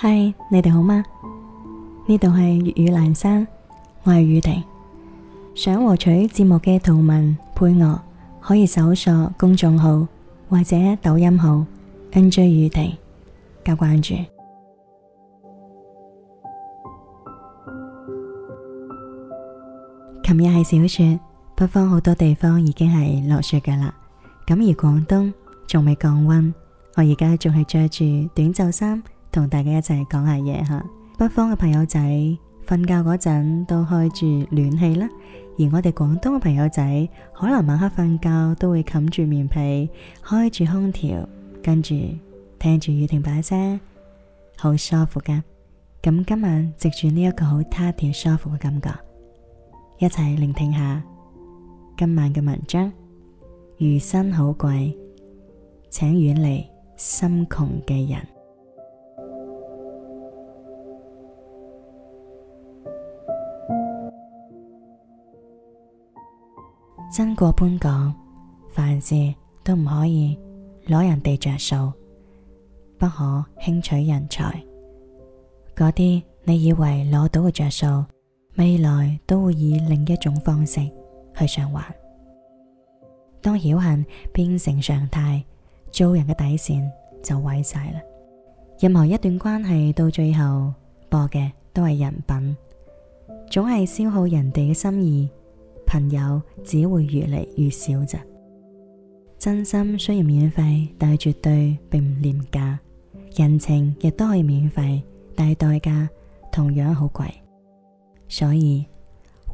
嗨，Hi, 你哋好嗎？呢度係粵語闌珊，我係雨婷。想獲取節目嘅圖文配樂，可以搜索公眾號或者抖音號 NJ 雨婷加關注。琴日係小雪，北方好多地方已經係落雪噶啦。咁而廣東仲未降溫，我而家仲係着住短袖衫。同大家一齊講下嘢吓，北方嘅朋友仔瞓覺嗰陣都開住暖氣啦，而我哋廣東嘅朋友仔可能晚黑瞓覺都會冚住棉被，開住空調，跟住聽住雨停擺聲，好舒服啊！咁今晚藉住呢一個好他條舒服嘅感覺，一齊聆聽下今晚嘅文章。餘生好貴，請遠離心窮嘅人。曾國藩講，凡事都唔可以攞人哋着數，不可輕取人財。嗰啲你以為攞到嘅着數，未來都會以另一種方式去償還。當僥倖變成常態，做人嘅底綫就毀晒啦。任何一段關係到最後，播嘅都係人品，總係消耗人哋嘅心意。朋友只會越嚟越少咋。真心雖然免費，但係絕對並唔廉價。人情亦都可以免費，但係代價同樣好貴。所以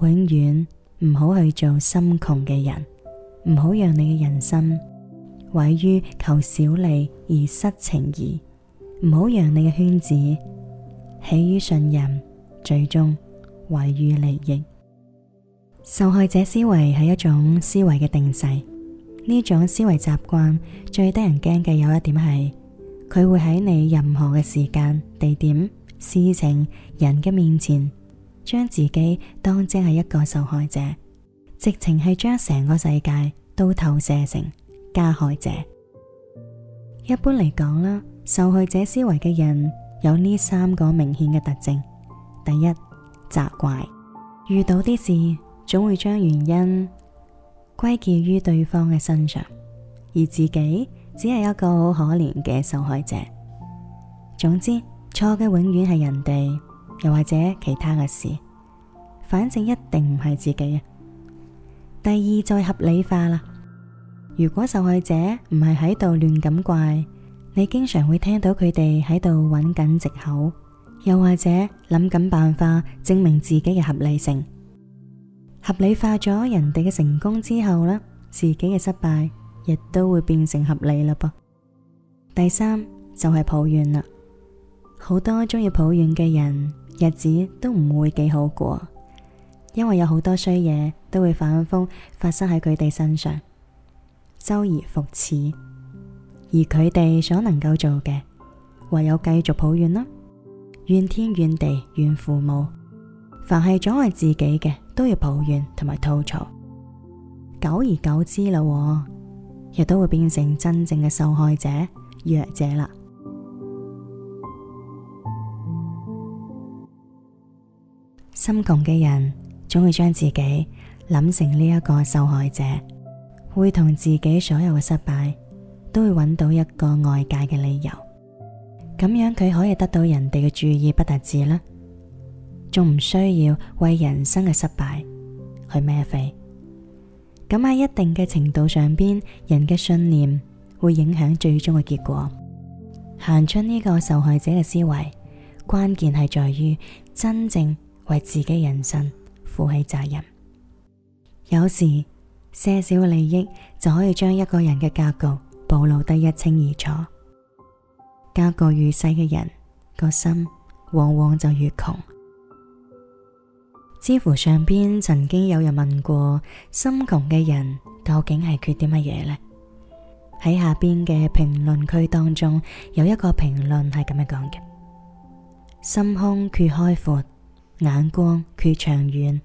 永遠唔好去做心窮嘅人，唔好讓你嘅人心毀於求小利而失情誼，唔好讓你嘅圈子，起於信任，最終毀於利益。受害者思維係一種思維嘅定勢，呢種思維習慣最得人驚嘅有一點係，佢會喺你任何嘅時間、地點、事情、人嘅面前，將自己當即係一個受害者，直情係將成個世界都投射成加害者。一般嚟講啦，受害者思維嘅人有呢三個明顯嘅特徵：第一，責怪，遇到啲事。總會將原因歸結於對方嘅身上，而自己只係一個好可憐嘅受害者。總之，錯嘅永遠係人哋，又或者其他嘅事，反正一定唔係自己啊。第二再合理化啦。如果受害者唔係喺度亂咁怪，你經常會聽到佢哋喺度揾緊藉口，又或者諗緊辦法證明自己嘅合理性。合理化咗人哋嘅成功之後呢，自己嘅失敗亦都會變成合理啦，噃第三就係、是、抱怨啦，好多鍾意抱怨嘅人，日子都唔會幾好過，因為有好多衰嘢都會反覆發生喺佢哋身上，周而復始，而佢哋所能夠做嘅，唯有繼續抱怨啦，怨天怨地怨父母，凡係阻礙自己嘅。.都要抱怨同埋吐槽，久而久之啦，亦都會變成真正嘅受害者弱者啦。 心窮嘅人總會將自己諗成呢一個受害者，會同自己所有嘅失敗都會揾到一個外界嘅理由，咁樣佢可以得到人哋嘅注意不特止啦。仲唔需要為人生嘅失敗去孭飛？咁喺一定嘅程度上邊，人嘅信念會影響最終嘅結果。行出呢個受害者嘅思維，關鍵係在於真正為自己人生負起責任。有時，些少利益就可以將一個人嘅格局暴露得一清二楚。格局越細嘅人，個心往往就越窮。知乎上邊曾經有人問過：心窮嘅人究竟係缺啲乜嘢呢？喺下邊嘅評論區當中，有一個評論係咁樣講嘅：心胸缺開闊，眼光缺長遠，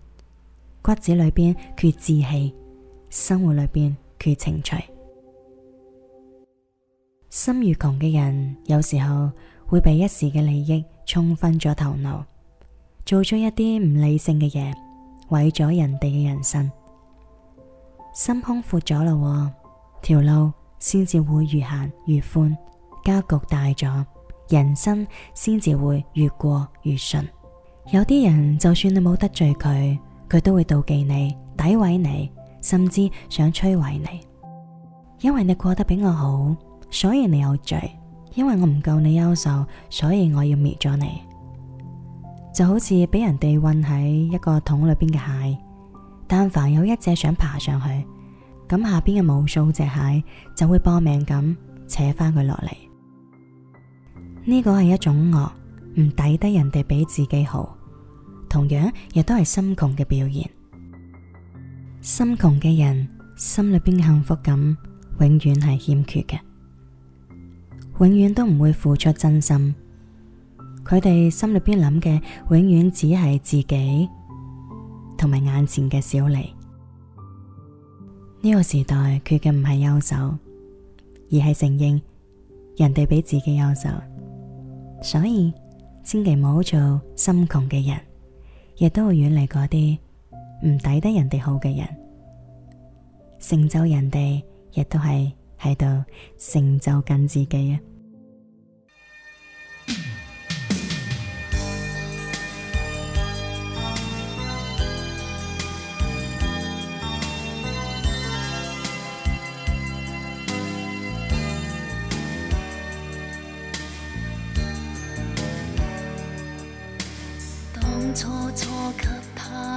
骨子裏邊缺志氣，生活裏邊缺情趣。心越窮嘅人，有時候會被一時嘅利益沖昏咗頭腦。做咗一啲唔理性嘅嘢，毀咗人哋嘅人生。心胸闊咗啦，條路先至會越行越寬，格局大咗，人生先至會越過越順。有啲人就算你冇得罪佢，佢都會妒忌你、詆毀你，甚至想摧毀你。因為你過得比我好，所以你有罪；因為我唔夠你優秀，所以我要滅咗你。就好似俾人哋困喺一個桶裏邊嘅蟹，但凡有一隻想爬上去，咁下邊嘅無數隻蟹就會搏命咁扯翻佢落嚟。呢個係一種惡，唔抵得人哋比自己好，同樣亦都係心窮嘅表現。心窮嘅人，心裏邊嘅幸福感永遠係欠缺嘅，永遠都唔會付出真心。佢哋心裏邊諗嘅永遠只係自己，同埋眼前嘅小利。呢個時代缺嘅唔係優秀，而係承認人哋比自己優秀。所以千祈唔好做心窮嘅人，亦都會遠離嗰啲唔抵得人哋好嘅人。成就人哋亦都係喺度成就緊自己啊！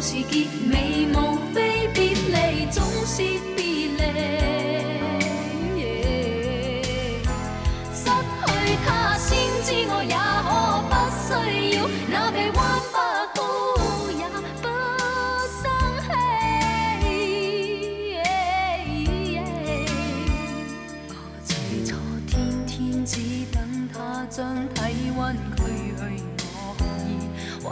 故事結尾，無非別離，總是。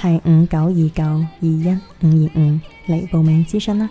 係五九二九二一五二五嚟報名諮詢啦。